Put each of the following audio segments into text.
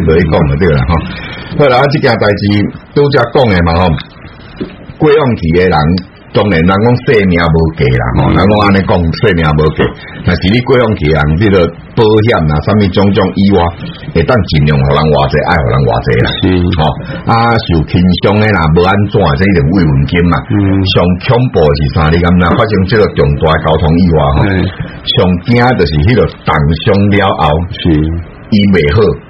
你可講到啲啦，吼、喔，好啦，即、啊、件代誌拄則講誒嘛，吼、喔，過往期誒人當然、喔嗯，人講性命無價啦，吼，人講安尼講性命無價，但是你過往期人即個保險啊，啥物種種意外，會當盡量互人話者，愛互人話者啦，吼、喔，啊，受輕傷誒啦，無安怎即個慰問金嘛，嗯。上恐怖是啥？啲咁啦，發生即個重大交通意外，吼、喔，上驚就是迄個重傷了後，是醫未好。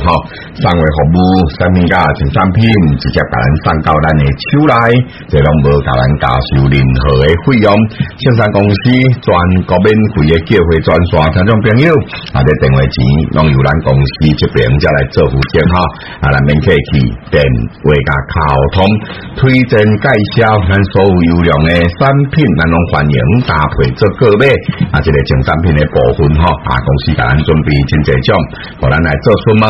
好，三位服務產品加贈產品，直接把人送到咱的手裏，這攏無加咱加收任何的費用。線上公司全國免費嘅機會的，專刷聽眾朋友，啊，這電話錢攏由咱公司這邊才來做服務哈，啊，咱免客氣，電話加溝通，推薦介紹咱所有優良嘅產品，咱攏歡迎搭配做購買，啊，這個贈產品嘅部分哈，啊，公司家咱準備真濟種，我咱來做數門。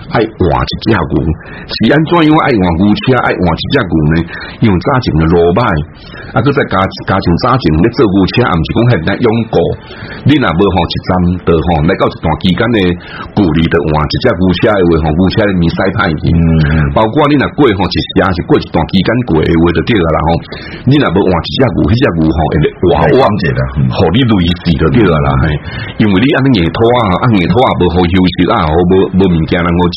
愛換一隻牛，是安怎樣？愛換牛車，愛換一隻牛呢？因為早前的羅麥，啊佫再加加早前咧做牛車，毋是講係單用股，喔。你若冇學一陣，都學嚟到一段期間的股嚟到換一隻牛車的話，牛車的命使歹去。嗯嗯。包括你若過，吼一陣是過一段期間過的話，對啊啦。你若冇換一隻牛，迄隻牛吼，我忘記啦。好容易蝕咗啲啦，係。因為你安尼年拖啊，啱年拖啊，無、嗯、好、啊啊啊啊啊、休息啊，吼無無物件啦我。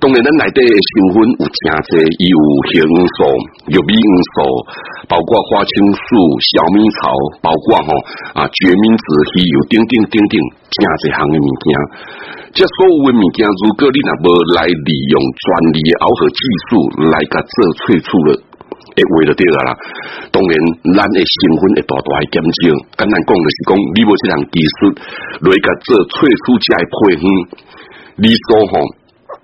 當然，咱內底成分有很多有紅素，有玉米紅素，包括花青素、小米草，包括吼啊，決明子，還有等等等等正儕行嘅物件。即所有嘅物件，如，你如果你若無來利用專利熬合技術來甲做萃取了，話就對啦。當然，咱嘅成分會大大嘅減少。簡單講就是講，你無這項技術來甲做萃取，加配方，你所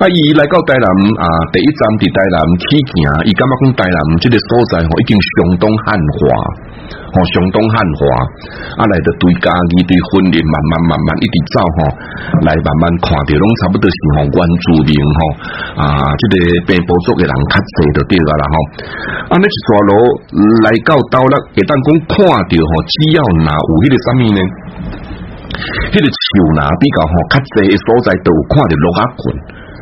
啊！伊來到台南啊，第一站佇台南起行。伊感覺講台南，即個所在吼已經相當漢化，吼相當漢化。啊。來到對家，己對婚姻慢慢慢慢，慢慢一直走，吼，來慢慢看着攏差不多是吼關注點，吼啊，即個平埔族誒人，較濟都對啊啦，吼。啊，呢一逝路來到倒落會當講看着吼，只要若有迄個啥物呢，迄、那個樹若比較吼較濟誒所在都有看着落阿群。